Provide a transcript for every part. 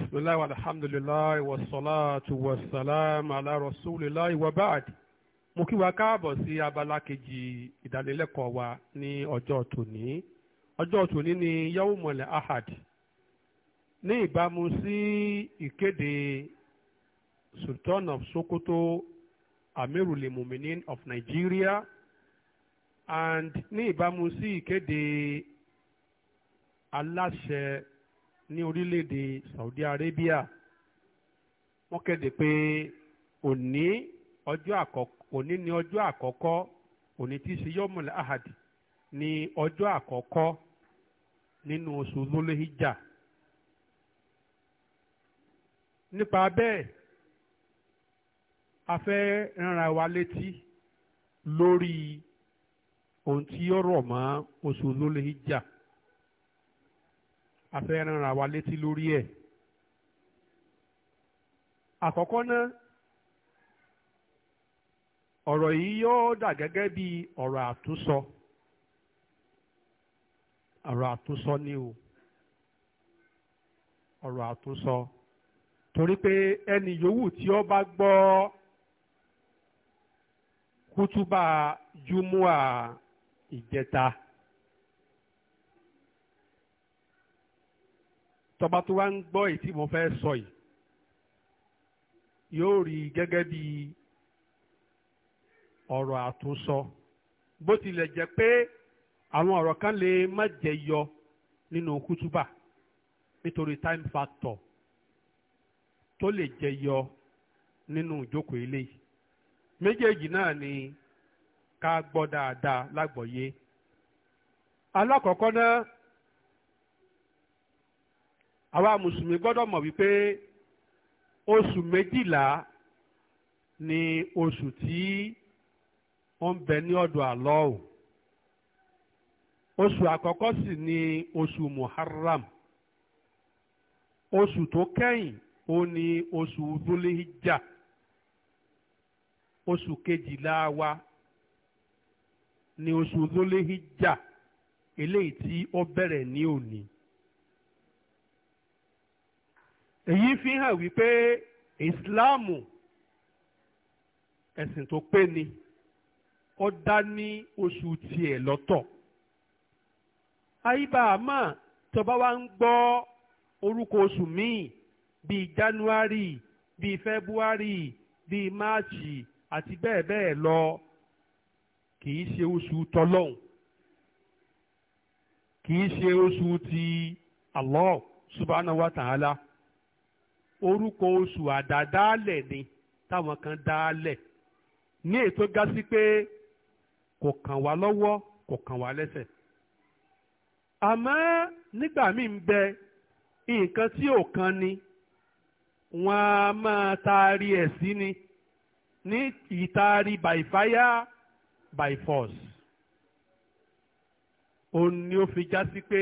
بسم الله والحمد لله والصلاة والسلام على رسول الله وبعد mo kí wa káàbọ̀ sí abala kejì ìdánilẹ́kọ̀ọ́ wa ní ọjọ́ tòní ọjọ́ tòní ni yawmul ahad ní ìbámu sí ìkéde Sultan of Sokoto Amirul Muminin of Nigeria and ní ìbámu sí ìkéde aláṣẹ ní orílẹ̀-èdè Saudi Arabia wọ́n kéde pé òní ọjọ́ àkọ́kọ́ òní ni ọjọ́ àkọ́kọ́ ahadi ni ọjọ́ àkọ́kọ́ nínú oṣù lólehíjà nípa bẹ́ẹ̀ a fẹ́ wa létí lórí ohun tí ó rọ̀ mọ́ oṣù lólehíjà a fẹ́ ránra wa létí lórí ẹ̀ àkọ́kọ́ náà ọ̀rọ̀ yìí yóò dà gẹ́gẹ́ bí ọ̀rọ̀ àtúnsọ ọ̀rọ̀ àtúnsọ ni o ọ̀rọ̀ àtúnsọ torí pé ẹni yòówù tí ó bá gbọ́ kútúbà júmúà ìjẹta tó bá tó wá ń gbọ́ èyí tí mo fẹ́ sọ yìí yóò rí gẹ́gẹ́ bíi ọ̀rọ̀ àtúnsọ bó tilẹ̀ jẹ́ pé àwọn ọ̀rọ̀ kan lè má jẹ yọ nínú kútúbà nítorí time factor tó lè jẹ yọ nínú ìjókòó eléyìí méjèèjì náà ni ká gbọ́ dáadáa lágbọ̀ọ́yé alákọ̀ọ́kọ́ náà àwa mùsùlùmí gbọ́dọ̀ mọ̀ wípé oṣù méjìlá ni oṣù tí ó ń bẹ ní ọ̀dọ̀ o oṣù àkọ́kọ́ sì ni oṣù muharram oṣù tó kẹ́yìn ó ní oṣù dhulihijja oṣù kejìlá wa ni oṣù dhulihijja eléyìí tí ó bẹ̀rẹ̀ ní òní. èyí fi hàn wípé ìsìláàmù ẹ̀sìn tó pé ni. ó dá ní oṣù tiẹ̀ lọ́tọ̀ àyíbá àmọ́ tó bá ń gbọ́ orúkọ oṣù míì bíi January bíi February bíi March àti bẹ́ẹ̀ bẹ́ẹ̀ lọ kì í ṣe oṣù tọlọ́hùn kì í ṣe oṣù ti Allah subhanahu wa ta'ala orúkọ oṣù àdádálẹ̀ ni táwọn kan dálẹ̀ ní ètò gásí pé kò kàn wá lọ́wọ́ kò kàn wá lẹ́sẹ̀ àmọ́ nígbà míì ń bẹ nǹkan tí ò kan ni wọ́n á máa taari ẹ̀ sí ni ní ìtaari by fire by force òun ni ó fi já sí pé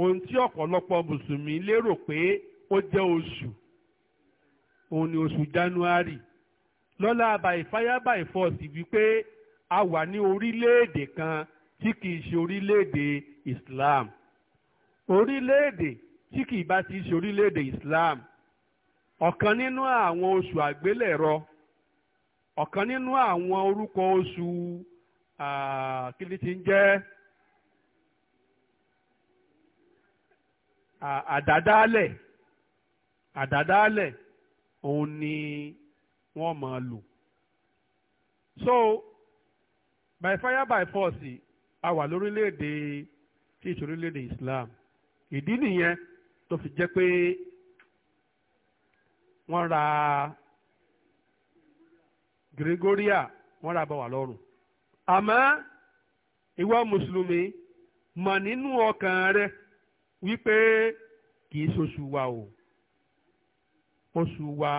ohun tí ọ̀pọ̀lọpọ̀ mùsùlùmí lérò pé ó jẹ́ oṣù òun ni oṣù January lọ́la by fire by force wípé a wà ní orílẹ̀-èdè kan tí kìí ṣe orílẹ̀-èdè Islam orílẹ̀-èdè tí kìí bá ti ṣe orílẹ̀-èdè Islam ọ̀kan nínú àwọn oṣù àgbélẹ̀rọ ọ̀kan nínú àwọn orúkọ oṣù kí ni ti ń jẹ́ àdádálẹ̀ àdádálẹ̀ òun ni wọ́n máa lò so by fire by force a wà lórílẹ̀‐èdè tí ìṣe orílẹ̀‐èdè Islam ìdí nìyẹn tó fi jẹ́ pé wọ́n ra Gregoria wọ́n ra bá wa lọ́rùn àmọ́ ìwọ mùsùlùmí mọ̀ nínú ọkàn rẹ wípé kì ṣoṣù wa o oṣù wa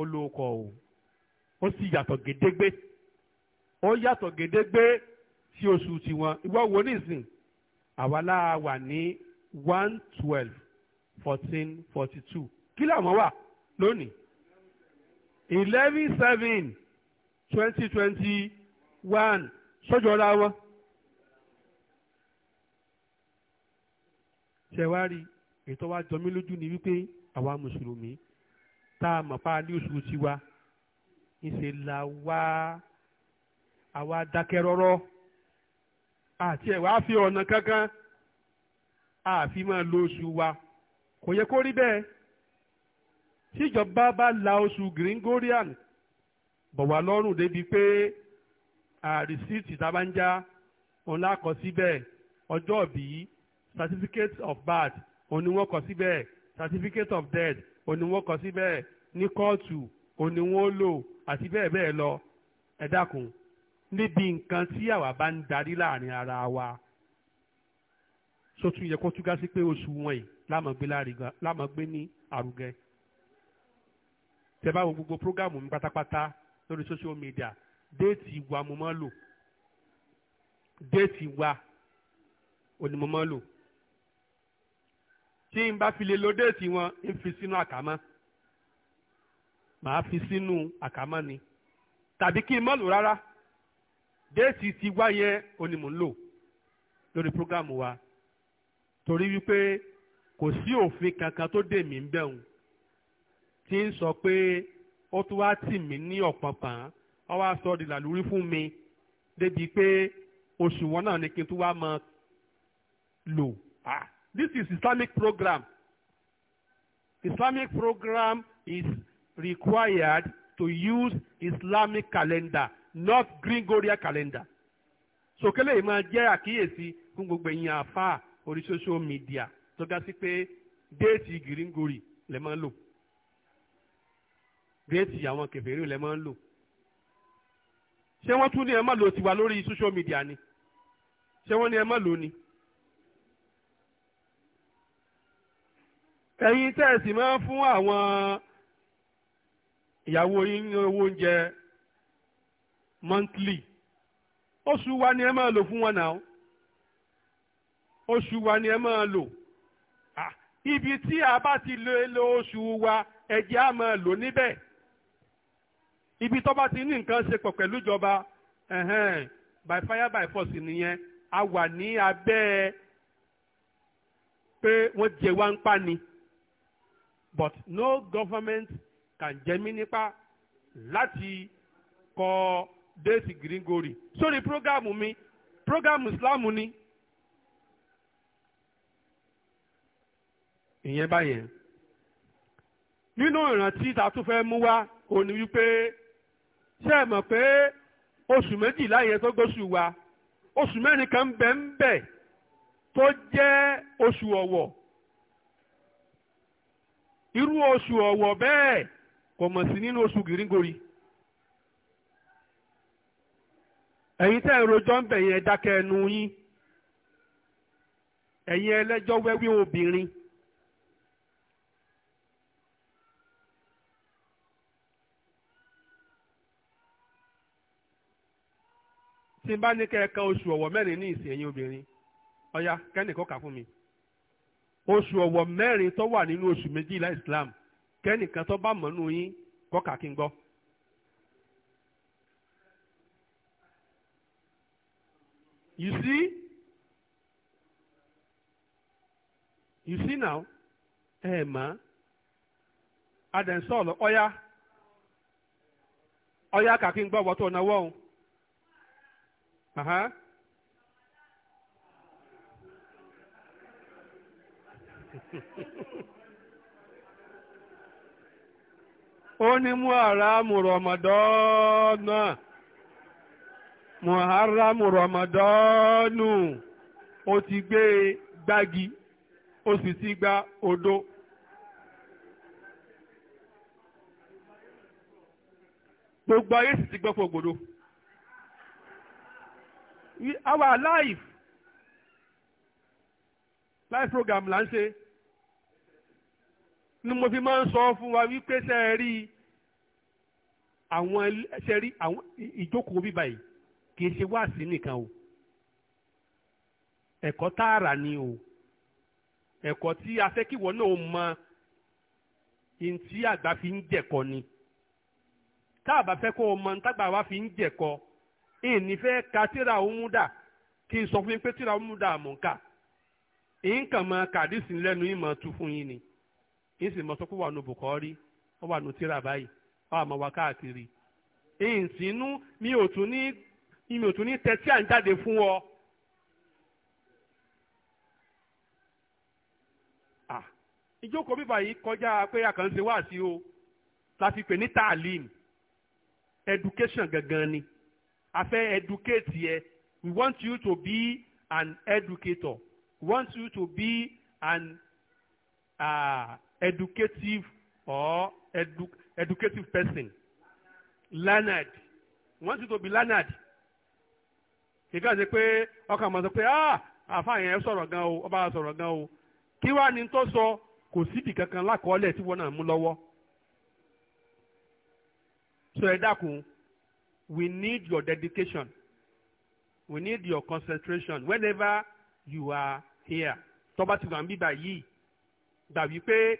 olóko o ó sì yàtọ̀ gédégbé ó yàtọ̀ gédégbé sí oṣù tiwọn ìwọ wo nísìn àwa láà wà ní one twelve fourteen forty two kí làwọn wà lónìí eleven seven twenty twenty one sọ́jọ́ra wọn. ṣẹ̀wárí ètò wa jọmí lójú ni wípé àwa mùsùlùmí tá a mọ̀ pa ní oṣù tiwa ńṣe la wá àwa dákẹ́ rọ́rọ́ àti ẹ̀ wá fi ọ̀nà kankan àfi máa lo oṣù wa kò yẹ kó rí bẹ́ẹ̀ tíjọba bá la oṣù gringorian bọ̀ wá lọ́rùn débi pé àrísíìtì tábánjá òun la kọ síbẹ̀ ọjọ́ ìbí certificate of birth òun ni wọ́n kọ síbẹ̀ certificate of death òun ni wọ́n kọ síbẹ̀ ní kóòtù òun ni wọ́n lò àti bẹ́ẹ̀ bẹ́ẹ̀ lọ ẹ dákun níbi nǹkan tí àwa bá ń darí láàrin ara wa sótú yẹ kó túká sí pé oṣù wọn yìí lámọ̀gbé ní àrùgẹ tẹ bá gbogbo prógámù mi pátápátá lórí social media déètì wa mo máa lò déètì wa òní mo máa lò tí n bá fi lè lo déètì wọn n fi sínú àkámọ́ màá fi sínú àkámọ́ ni tàbí kí n má lò rárá déètì ti wáyé òní mò ń lò lórí prógámù wa torí wípé kò sí òfin kankan tó dè mí ń bẹ̀rù tí ń sọ pé ó tún wá tì mí ní ọ̀pọ̀pọ̀n ó wá sọ di làlúrí fún mi débi pé oṣù wọn náà ni kí n tún wá máa lò ah this is Islamic program Islamic program is required to use Islamic calendar north Gregorian calendar sòkèlè yìí máa jẹ́ àkíyèsí fún gbogbo ẹ̀yin àfáà orí social media tó ga sí pé déètì gíríngorì lè máa ń lò déètì àwọn kèfèrí lè máa ń lò ṣé wọ́n ẹ má lò tiwa lórí social media ni ṣé wọ́n ní ẹ má lò ni. ẹ̀yin tẹ́ẹ̀sì máa ń fún àwọn ìyàwó yín ní owó oúnjẹ monthly oṣù wa ni ẹ máa lò fún wọn náà oṣù wa ni ẹ máa lò ibi tí a bá ti lo oṣù wa ẹ̀jẹ̀ á máa lò níbẹ̀ ibi tó bá ti ní nǹkan ṣe pọ̀ pẹ̀lú ìjọba by fire by force nìyẹn a wà ní abẹ́ pé wọ́n jẹ wá ń pa ni but no government can jẹ mí nípa láti kọ déètì gírígórì sórí prógámù mi prógámù ìsìláàmù ni. ìyẹn báyẹn nínú ìrántí tá a tún fẹ́ mú wá ó ní wípé ṣé ẹ mọ̀ pé oṣù méjìlá yẹn tó gbóṣù wa oṣù mẹ́rin kan bẹ̀ ń bẹ̀ tó jẹ́ oṣù ọ̀wọ̀ irú oṣù ọ̀wọ̀ bẹ́ẹ̀ kò mọ̀ sí nínú oṣù gírígórì. ẹ̀yin tẹ́ ẹ̀ rojọ́ ń bẹ̀ yẹn dákẹ́ ẹnu yín ẹ̀yin ẹlẹ́jọ́ wẹ́wí obìnrin tí n bá ní kẹ́ ẹ ka oṣù ọ̀wọ̀ mẹ́rin ní ìsìn ẹ̀yin obìnrin ọ̀ya kẹ́nìkan kà fún mi oṣù ọ̀wọ̀ mẹ́rin tó wà nínú oṣù méjìlá Islam kẹ́nìkan tó bá mọ̀ nù yín kọ́ kà kí n gbọ́. You see? You see now? Hey, eh, ma. And then Saul, oya. Oya kàkí ń gbọ́ wọ́n tó náwó òun. Uh-huh. ó ní mú àrà mùrọ̀mọ̀dọ́ náà. muharram ramadanu ó ti gbé gbági ó sì ti gba odó. gbogbo ayé sì ti gbọ́ fún ògbòdo our life life program là ń ṣe ni mo fi máa ń sọ fún wa wípé ṣe àwọn ṣe àwọn ìjókòó bíbá yìí kì í ṣe wáàsí nìkan o ẹ̀kọ́ tààrà ni o ẹ̀kọ́ tí a fẹ́ kí ìwọ náà mọ ihun tí àgbà fi ń jẹ̀kọ ni tá a bá fẹ́ kó o mọ ohun tágbà wa fi ń jẹ̀kọ ìní fẹ́ ka tíra òmùdà kí n sọ fún yín pé tíra òmùdà mò ń kà ìyín kàn mọ kàdísì lẹ́nu yín mọ̀ tú fún yín ni yín sì mọ sọ pé wà nù bùkọ́rí wọ́n wà nù tíra báyìí wọ́n àmọ́ wa káàkiri ìyìn sínú mi ò tún ní ìmì òtún ní tẹ́tí à ń jáde fún ọ. ìjókòó bíbá yìí kọjá pé àkànṣe wá sí o la fi pè ní taalim education gangan ni a fẹ́ educate yẹ we want you to be an educator we want you to be an uh, educative or edu educative person learned we want you to be learned kíkà ṣe pé ọkàn mọ̀ sọ pé ah, àfáà yẹn sọ̀rọ̀ gan o ọba sọ̀rọ̀ gan o kí wàá ní tó sọ kò sídìí kankan lákọọ́lẹ̀ tí wọ́n náà mú lọ́wọ́ so ẹ dákun we need your dedication we need your concentration whenever you are here tọ́ba ti wà ń bíbà yìí gbà wípé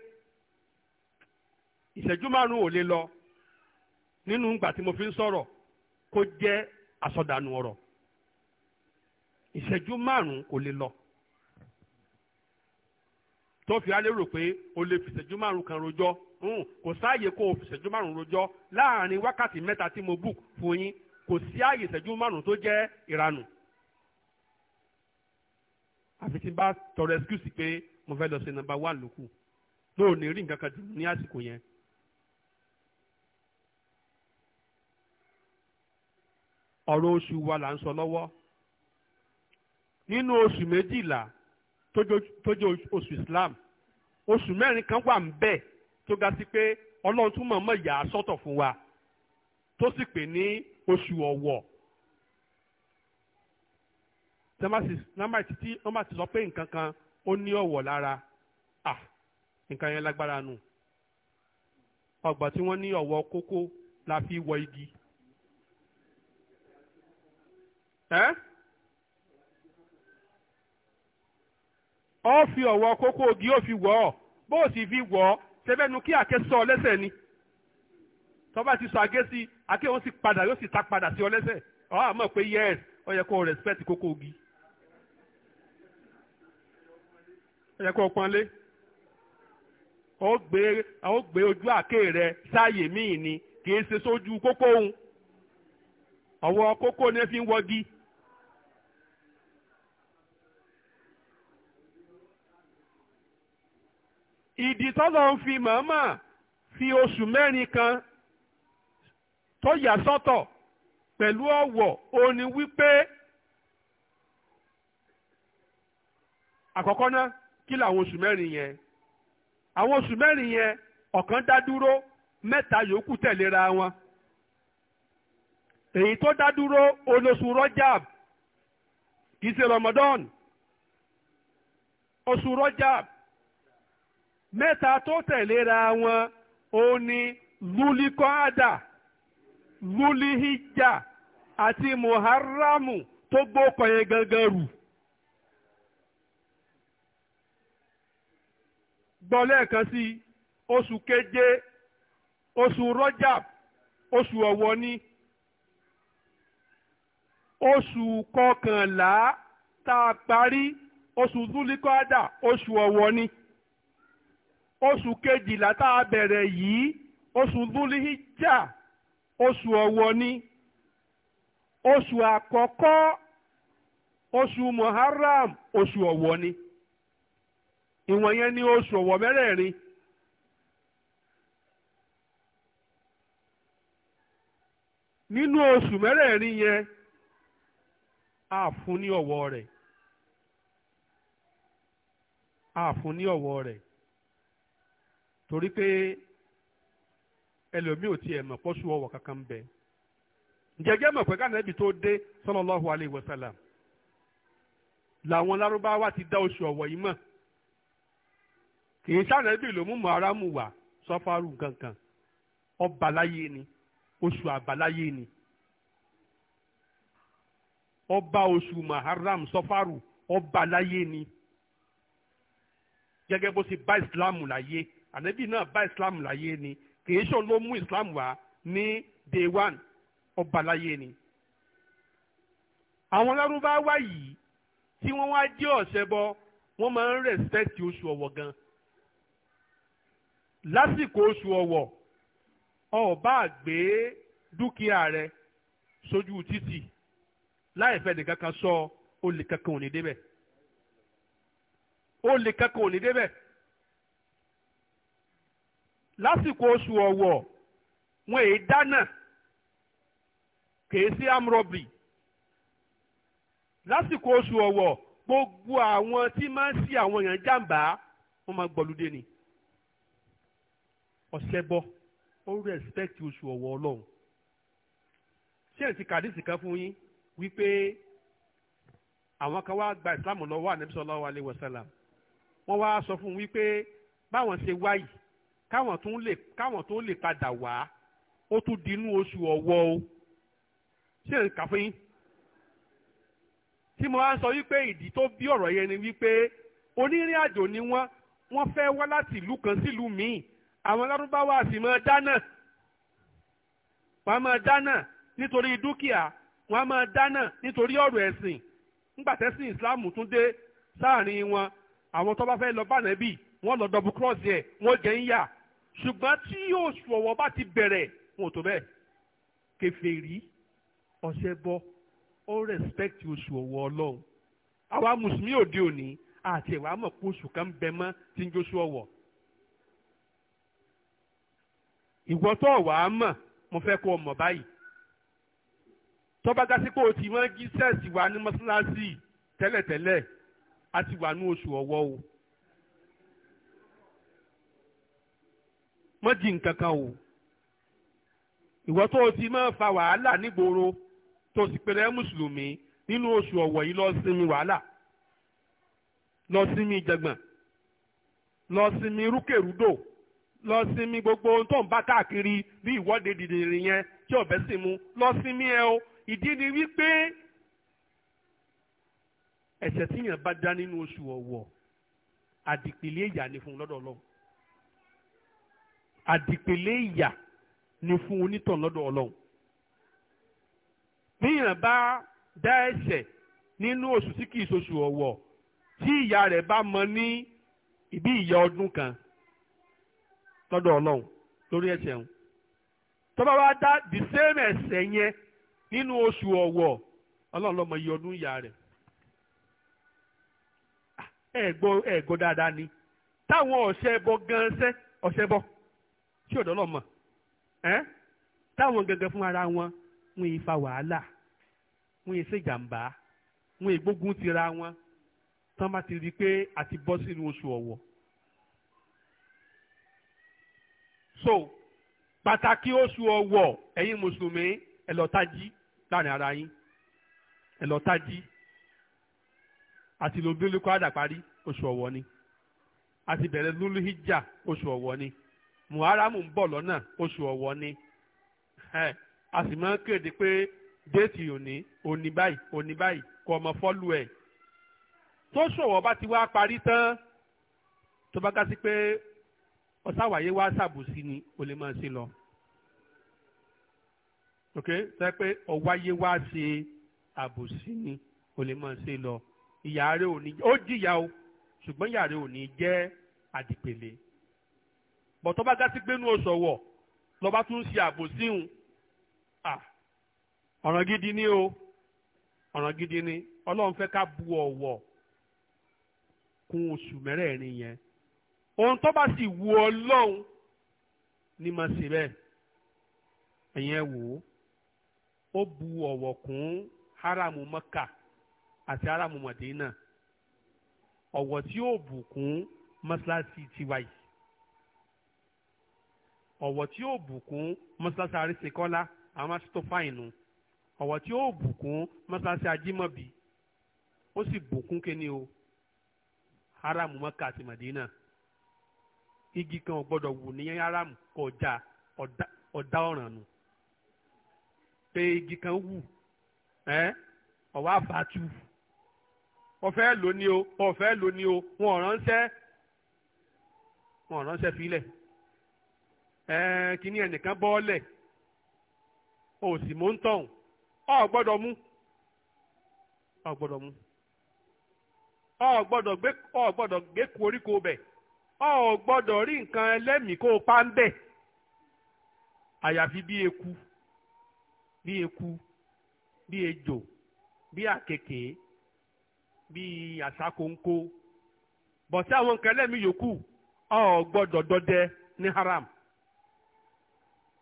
ìṣẹ́jú márùn-ún ò lè lọ nínú ìgbà tí mo fi ń sọ̀rọ̀ kó jẹ́ àsọdànù ọ̀rọ̀ ìṣẹ́jú márùn-ún kò lè lọ tó fi alérò pé o lè fi ìṣẹ́jú márùn-ún kan rojọ́ hmm, kò sáàyè kó o fi ìṣẹ́jú márùn-ún rojọ́ láàrin wákàtí mẹ́ta tí mo book fún yín kò sí ààyè ìṣẹ́jú márùn-ún tó jẹ́ ìranù àfi tí n bá tọrọ excuse pé mo fẹ́ lọ sí number one lókù lóò ní rí nǹkan kan dì ní àsìkò yẹn. ọ̀rọ̀ oṣù wa là ń sọ lọ́wọ́ nínú oṣù méjìlá tó jẹ́ oṣù Islam oṣù mẹ́rin kan wà ń bẹ̀ tó ga sí pé Ọlọ́run tún mọ̀ọ́mọ̀ yà á sọ́tọ̀ fún wa tó sì pè ní oṣù ọ̀wọ̀ nọ́mbà títí nọ́mbà ti sọ pé nǹkan kan ó ní ọ̀wọ̀ lára ah nǹkan yẹn lágbára nù ọgbà tí wọ́n ní ọ̀wọ̀ kókó la fi wọ igi. ó fi ọ̀wọ́ kókó ogi ó fi wọ̀ ọ́ bó o sì fi wọ̀ ọ́ sẹ́fẹ́nu kí àáké sọ ọ lẹ́sẹ̀ ni tọ́ba ti sọ àáké sí àáké òun sì padà yóò sì ta padà sí ọ lẹ́sẹ̀ ọ àmọ́ pé yes ó yẹ kó o respect kókó ogi ó yẹ kó o pọ́nlé ó gbé ojú àáké rẹ sáàyè míì ni kì í ṣe sójú kókó òun ọ̀wọ́ kókó ni ẹ fi ń wọ́gi. ìdí tọ́lọ̀ ń fi màmá fi oṣù mẹ́rin kan tó yà sọ́tọ̀ pẹ̀lú ọ̀wọ̀ ó ní wípé àkọ́kọ́ ná kí làwọn oṣù mẹ́rin yẹn àwọn oṣù mẹ́rin yẹn ọ̀kan dá dúró mẹ́ta yòókù tẹ̀léra wọn èyí tó dá dúró olóṣù Rọ́jàb kì ṣe Ramadan oṣù Rọ́jàb mẹ́ta tó awọn wọn ó ní lulikọ́ádà lulihijja àti muharramu tó gbókọ yẹn gangan rù. gbọ́ sí oṣù keje oṣù rọ́jàb oṣù ọ̀wọ̀ ni oṣù kọkànlá tá a parí oṣù zulikọ́ádà oṣù oṣù kejìlá tá a bẹ̀rẹ̀ yìí oṣù dúlíhíjà oṣù ọ̀wọ̀ ni oṣù àkọ́kọ́ oṣù muharram oṣù ọ̀wọ̀ ni ìwọ̀n yẹn ni oṣù ọ̀wọ̀ mẹ́rẹ̀ẹ̀rin. nínú oṣù mẹ́rẹ̀ẹ̀rin yẹn a fún ní ọ̀wọ̀ rẹ̀ a fún ní ọ̀wọ̀ rẹ̀ torí pé ẹlòmíì ò tiẹ̀ mọ̀ ọwọ́ kankan bẹ jẹjẹ mọ̀ pé kánàbì tó dé sallallahu alaihi wasallam làwọn lárúbáwá ti dá oṣù ọ̀wọ̀ yìí mọ̀ kì í sànàbì ló mú mọ̀ọ́rámù wà sọ́fàrù kankan ni oṣù ni ọba oṣù maharam sọ́fàrù ni gẹ́gẹ́ bó bá ìsìlámù láyé. ànábì náà bá islam láyé ni kìí ṣe ló mú islam wá ní day one ọba láyé ni. àwọn lárúbáwá yìí tí wọ́n wá jẹ́ ọ̀ṣẹbọ wọ́n máa ń rẹ̀spẹ̀tì oṣù ọ̀wọ̀ gan. lásìkò oṣù ọ̀wọ̀ ọba àgbé dúkìá rẹ sójú títì láì fẹ́ nìkan kan sọ olè kankan ò ní débẹ̀ olè kankan ò ní débẹ̀ lásìkò oṣù ọ̀wọ̀ wọn èyí dáná kèé sí amrọ̀bì lásìkò oṣù ọ̀wọ̀ gbogbo àwọn tí máa ń sí àwọn èèyàn jàǹbá wọn máa gbọ́lúdé ni ọ̀sẹ̀ bọ́ ó rẹ́spẹ́kì oṣù ọ̀wọ̀ ọlọ́run ṣé ẹ̀ ti kàdísì kan fún yín wípé àwọn kan wá gba ìsìlámù lọ́wọ́ ànábì sallallahu alaihi wasallam wọ́n wá sọ fún un wípé báwọn ṣe wáyìí káwọn tó lè káwọn tó lè padà wá ó tún dinú oṣù ọ̀wọ́ o ṣé n kà fún yín tí mo bá ń sọ wípé ìdí tó bí ọ̀rọ̀ yẹn ni wípé onírìn àjò ni wọ́n wọ́n fẹ́ wá láti ìlú kan sí ìlú míì àwọn lárúbáwá sì máa dáná wọ́n máa dáná nítorí dúkìá wọ́n máa dáná nítorí ọ̀rọ̀ ẹ̀sìn nígbà tẹ́sìn ìsìláàmù tún dé sáàrin wọn àwọn tó bá fẹ́ lọ bá nàbì lọ dọ̀bù kírọ́ọ̀sì ẹ̀ wọ́n jẹ́ ń yà ṣùgbọ́n tí oṣù ọ̀wọ́ bá ti bẹ̀rẹ̀ wọn ò tó bẹ́ẹ̀ kèfèrí ọ̀sẹ̀ bọ́ ó respect oṣù ọ̀wọ́ ọlọ́run àwa mùsùlùmí òde òní àti ẹ̀wà mọ̀ pé oṣù kan bẹ mọ́ tí ń jóṣù ọ̀wọ́ ìwọ tó wà á mọ̀ mo fẹ́ kó o mọ̀ báyìí tọ́ba gásíkò tí wọ́n jí sẹ́ẹ̀sì ní mọ́ṣáláṣí tẹ́lẹ̀tẹ́lẹ̀ a ti wà ní oṣù ọ̀wọ́ o. wọ́n di nǹkan kan o ìwọ tó o ti máa fa wàhálà nígboro tó o sì pèrè mùsùlùmí nínú oṣù ọ̀wọ̀ yìí lọ sinmi wàhálà lọ sinmi jẹgbọ̀n lọ sinmi rúkèrúdò lọ sinmi gbogbo ohun tó ń bá káàkiri bí ìwọ́de dìdìrì yẹn tí ọ̀bẹ sì mú lọ sinmi ẹ o ìdí ni wípé ẹ̀ṣẹ̀ tíyàn bá dá nínú oṣù ọ̀wọ̀ àdìpìlẹ̀ ìyà ni fún lọ́dọ̀ àdìpèlé ìyà ni fún onítàn lọ́dọ̀ ọlọ́run bíyàn bá dá ẹ̀ṣẹ̀ nínú oṣù tí kìí ṣoṣù ọ̀wọ̀ tí ìyà rẹ̀ bá mọ ní ibi ìyà ọdún kan lọ́dọ̀ ọlọ́run lórí ẹ̀ṣẹ̀ ń tó bá wá dá the same ẹ̀ṣẹ̀ yẹn nínú oṣù ọ̀wọ̀ ọlọ́run lọ́mọ iye ọdún ìyà rẹ̀ ah, ẹ̀ gbọ́ ẹ̀ dáadáa ni táwọn ọ̀ṣẹ́ bọ gan-an ṣẹ́ ọ̀ṣẹ́ bọ́ tí ọ̀dọ́ lọ́mọ ẹ́ táwọn gẹ́gẹ́ fún ara wọn wọn ìfa wàhálà wọn ìṣèjàmbá wọn ìgbógun tira wọn tán bá ti rí i pé a ti bọ́ sínú oṣù ọ̀wọ̀. so pàtàkì oṣù ọ̀wọ̀ ẹ̀yin mùsùlùmí ẹ lọ tají láàrin ara yín ẹ lọ tají àti lóbi olùkọ́ àdàparí oṣù ọ̀wọ̀ ni àti bẹ̀rẹ̀ lólu hijja oṣù ọ̀wọ̀ ni muharamu ń bọ̀ lọ́nà oṣù ọ̀wọ̀ ni a sì máa ń kéde pé déètì òní òní báyìí òní báyìí kò ọmọ fọ́lù ẹ̀ tó ṣòwò bá ti wá parí tán tó bá ká sí pé ọ̀sáwàyé wá ṣàbùsí ni o lè máa ṣe lọ ok sọ pé ọ̀wáyé wá ṣe àbùsí ni o lè máa ṣe lọ ìyá rẹ ò ní ó jìyà o ṣùgbọ́n ìyá rẹ ò ní jẹ́ àdìpèlè bọ̀tọ́ bá gá sí pé inú ọ̀ṣọ̀wọ̀ lọ́ba tún ṣe àbòsíhùn ọ̀ràn gidi ni o ọ̀ràn gidi ni ọlọ́run fẹ́ ká bu ọ̀wọ̀ kún oṣù mẹ́rẹ̀ẹ̀rin yẹn ohun tó bá sì wu ọlọ́run ni mà sí bẹ́ẹ̀ ẹ̀yẹn wò ó ó bu ọ̀wọ̀ kún haramu mọ́kà àti haramu mọ̀dínà ọ̀wọ̀ tí ó bù kún mọ́ṣáláṣí tiwa yìí ọ̀wọ̀ tí yóò bùkún mọ́ṣáláṣí àrísèkọ́lá àwọn máa tó fáìnù ọ̀wọ̀ tí yóò bùkún mọ́ṣáláṣí ajímọ̀bì ó sì bùkún kéne o haramu Mákà àti Màdínà igi kan ò gbọ́dọ̀ wù ní haramu kọjá ọ̀dá ọ̀ràn nù pé igi kan wù ẹ́ ọ̀wá àfàtú ọ̀fẹ́ lóní o ọ̀fẹ́ lóní o wọn ò ránṣẹ́ wọn ò ránṣẹ́ fílẹ̀. kíní ẹnìkan bọ́ọ̀lẹ̀ o sì mú ń tọ̀hún ọ gbọ́dọ̀ mú ọ gbọ́dọ̀ mú ọ gbọ́dọ̀ gbé ọ gbọ́dọ̀ gbé koríko bẹ̀ ọ gbọ́dọ̀ rí nǹkan ẹlẹ́mìí kó o pa ń bẹ̀ àyàfi bí eku bí eku bí ejò bí àkekèé bí àsákòńkò bọ̀sí àwọn nǹkan ẹlẹ́mìí yòókù ọ gbọ́dọ̀ dọdẹ ní haram.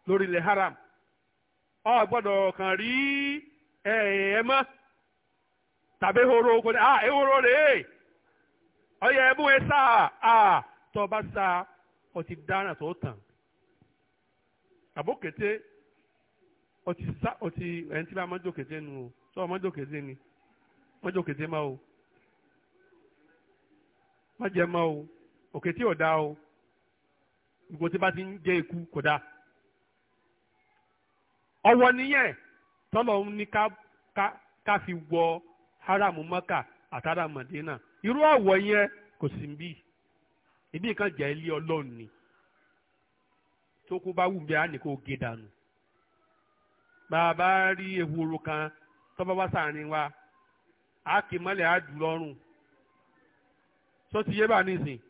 lórí ilẹ̀ haram ọ gbọ́dọ̀ kàn rí ẹ̀yìn tàbí ehoro kò ní ah ehoro rèé ọyẹ ẹbú ẹ e sá a tọ́ ọ bá sá ọ ti dáná tó tàn àbókété ọ ti sá ọ ti ẹni tí bá mọ́jọ́ kété nu o sọ mọ́jọ́ kété ni mọ́jọ́ kété máa o má jẹ máa o òkè tí ò dá o gbogbo tí bá ti ń jẹ ikú kò dáa. ọwọ́ nìyẹn tọ́lọ̀ ń ní ká fi wọ haram mọ́kà àtàrà mọ̀dínà irú ọ̀wọ́ yẹn kò sí bí ibi kan jẹ́ ilé ọlọ́run ni tó kó bá wù bí a ní kó gé dànù bàbá rí ehoro kan tọ́ba wá sàárín wa a kì mọ́lẹ̀ á dùn lọ́rùn tó ti yé bá nísìn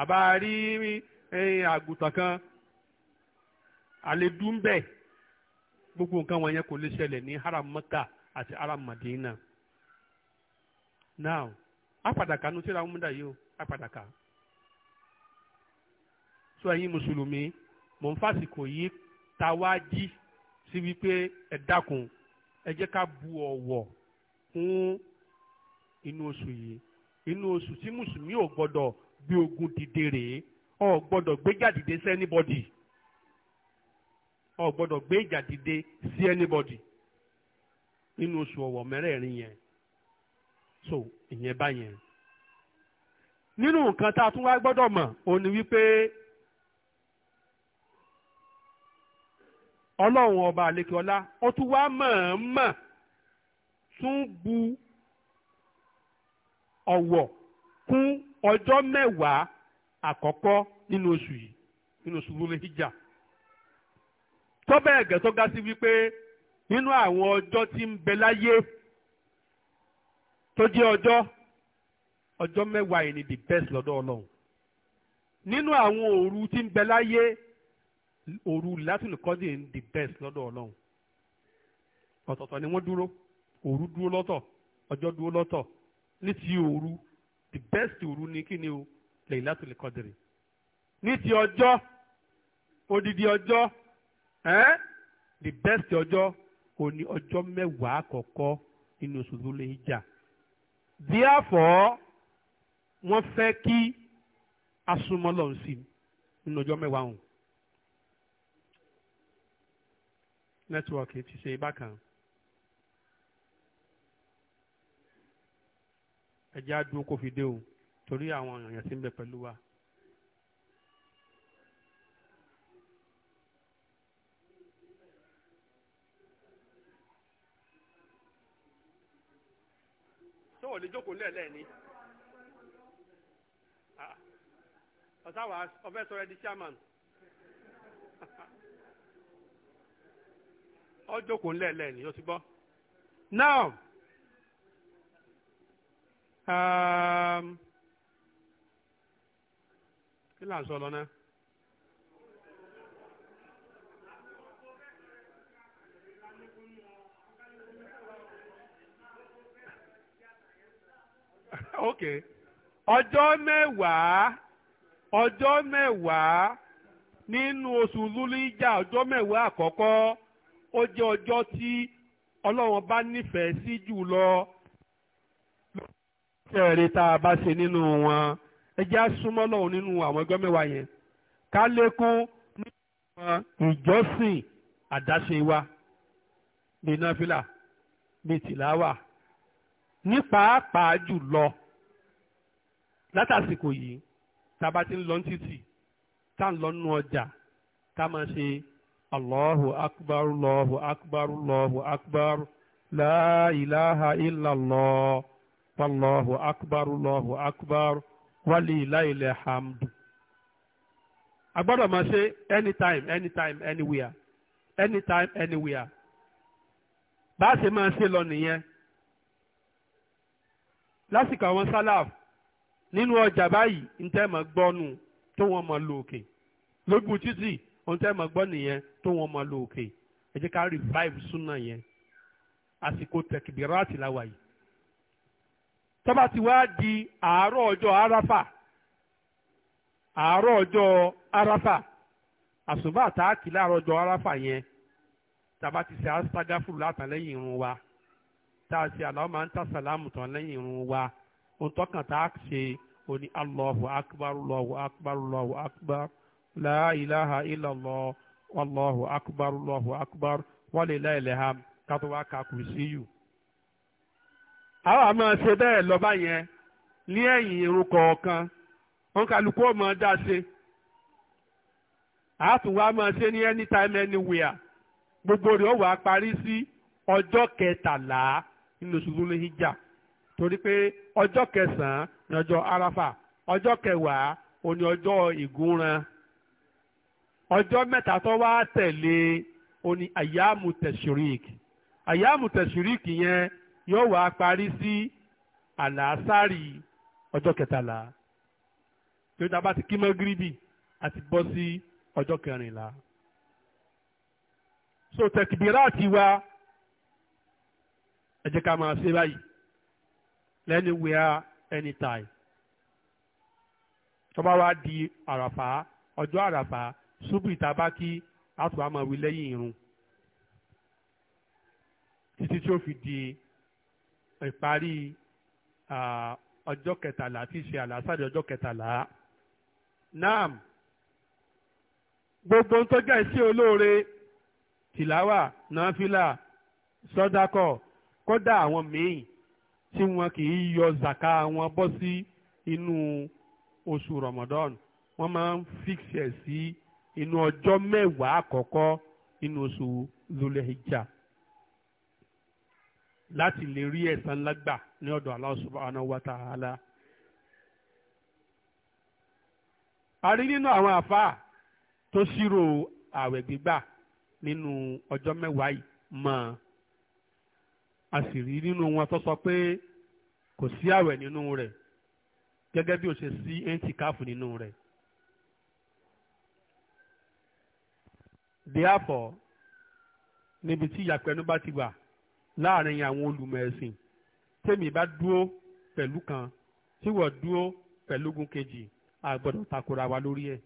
àbá rí eh, àgùntàn kan àlè dùn bẹ́ẹ̀ gbogbo nǹkan wọn yẹn kò lè ṣẹlẹ̀ ní haram Mẹ́kà àti haram Madina now apàdàkà nu tíra múdà yìí o apàdàkà so ẹ̀yin mùsùlùmí mò ń fàsìkò yìí ta wá jí sí wípé ẹ dákun ẹ jẹ́ ká bu ọ̀wọ̀ fún inú oṣù yìí inú oṣù tí mùsùlùmí ò gbọ́dọ̀ gbé ogun dìde rèé ò gbọ́dọ̀ gbéjà dìde sẹ́nibọ́dì o gbọ́dọ̀ gbé ìjà dìde sí anybody nínú oṣù ọ̀wọ̀ mẹ́rẹ̀ẹ̀rin yẹn so ìyẹn báyẹn nínú nǹkan tá a tún wá gbọ́dọ̀ mọ̀ ó ní wípé ọlọ́run ọba àlekíọlá ó tún wá mọ̀ọ́mọ̀ tún bu ọ̀wọ̀ kún ọjọ́ mẹ́wàá àkọ́kọ́ nínú oṣù yìí nínú oṣù wúlé hijab tọ́bẹ̀ ẹ̀gẹ́ tó ga sí wípé nínú àwọn ọjọ́ tí ń bẹ láyé tó jẹ́ ọjọ́ ọjọ́ mẹ́wàá yìí ni the best lọ́dọ̀ ọlọ́run nínú àwọn òru tí ń bẹ láyé òru látìlú kọ́dì the best lọ́dọ̀ ọlọ́run ọ̀tọ̀ọ̀tọ̀ ni wọ́n dúró òru dúró lọ́tọ̀ ọjọ́ dúró lọ́tọ̀ ní ti òru the best òru ni kí ni o lẹ́yìn látìlú kọ́dì ní ti ọjọ́ odidi ọjọ́ ẹ́ the best ọjọ́ kò ní ọjọ́ mẹ́wàá àkọ́kọ́ nínú oṣù tó lè jà therefore wọ́n fẹ́ kí asúmọ́lọ̀ ń ọjọ́ mẹ́wàá ti ṣe bákan. o torí àwọn èèyàn ti ń wa. tó wọ́n lè jókòó lẹ́ẹ̀lẹ́ ni ọ̀sáwà ọ̀fẹ́ sọ̀rọ̀ di chairman ọ jókòó lẹ́ẹ̀lẹ́ ni ó ti gbọ́ now um, kí là ń sọ lọ náà. ok ọjọ́ mẹ́wàá ọjọ́ mẹ́wàá nínú oṣù lúlíjà ọjọ́ mẹ́wàá àkọ́kọ́ ó jẹ́ ọjọ́ tí ọlọ́run bá nífẹ̀ẹ́ sí jù lọ tẹ̀rẹ̀ tá a bá ṣe nínú wọn ẹ jẹ́ àsúnmọ́ lọ́hùn nínú àwọn ọjọ́ mẹ́wàá yẹn ká lékún nínú ìjọsìn àdáṣe wa bíi náfìlà bíi tìláwà ní pàápàá jù látàsìkò yìí tá a bá ti ń lọ títì tá a ń lọ nínú ọjà tá a máa ṣe allahu akbar allahu akbar allahu akbar la ilaha illallah wallahu akbar allahu akbar walillahil hamdu. a gbọ́dọ̀ máa ṣe anytime anytime anywhere anytime anywhere bá a ṣe máa ṣe lọ nìyẹn lásìkò àwọn sálàfù nínú ọjà báyìí ntẹ́ mọ̀ gbọ́nu tó wọ́n mọ̀ lò òkè lójú títì ntẹ́ mọ̀ gbọ́ nìyẹn tó wọ́n mọ̀ lò òkè ẹ jẹ́ ká revive súnà yẹn àsìkò tẹ̀kìbìrátì láwa yìí tọ́ba ti wá di àárọ̀ ọjọ́ aráfà àárọ̀ ọjọ́ aráfà àsùnbà àtàkì láàárọ̀ ọjọ́ aráfà yẹn tàbá ti ṣe aságáfù látàn irun wa tá a ṣe àlọ́ máa ń tà sàlámù tán lẹ́yìn irun wa. ohun tọ́kàn a ṣe ó akbar allahu akbar allahu akbar la ilaha illallah wallahu akbar akbar ka kù sí àwọn àmọ́ ṣe bẹ́ẹ̀ lọ́ba yẹn ní ẹ̀yìn irun kọ̀ọ̀kan wọn ọmọ dá máa ṣe ní anytime gbogbo rẹ̀ ó parí sí ọjọ́ kẹtàlá nínú ọjọ́ kẹsàn-án ní ọjọ́ arafa ọjọ́ kẹwàá ó ní ọjọ́ ìgúnran ọjọ́ mẹ́ta tó wá tẹ̀lé ó ní ayamu tẹ̀sírík ayamu tẹ̀sírík yẹn yóò wá parí sí àlàásárì ọjọ́ kẹtàlá tó dábàá ti kí mọ́gíríbì àti bọ́ sí ọjọ́ kẹrìnlá so tẹkibira tiwa ẹ jẹ́ ká máa ṣe báyìí anywhere anytime tó bá di àràfà ọjọ́ àràfà ṣubú ìtaba kí àtúwà máa wí lẹ́yìn irun títí tí ó fi di ìparí ọjọ́ kẹtàlá tí í ṣe àlàsáde ọjọ́ kẹtàlá naam gbogbo ń tọ́jà sí olóore tìláwà náfìlà sọ́dákọ̀ kódà àwọn míì tí wọn kì í yọ zaka wọn bọ́ sí inú oṣù Ramadan wọ́n máa ń fíksẹ̀ sí inú ọjọ́ mẹ́wàá àkọ́kọ́ inú oṣù Zulhijja láti lè rí ẹ̀san lágbà ní ọ̀dọ̀ Allah subhanahu wa ta'ala. a rí nínú àwọn àfáà tó ṣírò àwẹ̀ gbígbà nínú ọjọ́ mẹ́wàá yìí mọ́ ọ a sì rí nínú wọn tó sọ pé kò sí àwẹ̀ nínú rẹ̀ gẹ́gẹ́ bí o ṣe sí ẹ̀ǹtìkáàfù nínú rẹ̀. therefore níbi tí ìyàpẹ̀nu bá ti wà láàrin àwọn olùmọ̀ ẹ̀sìn tèmi bá dúró pẹ̀lú kan tí wọ́n dúró pẹ̀lú gun kejì a takora wa lórí ẹ̀.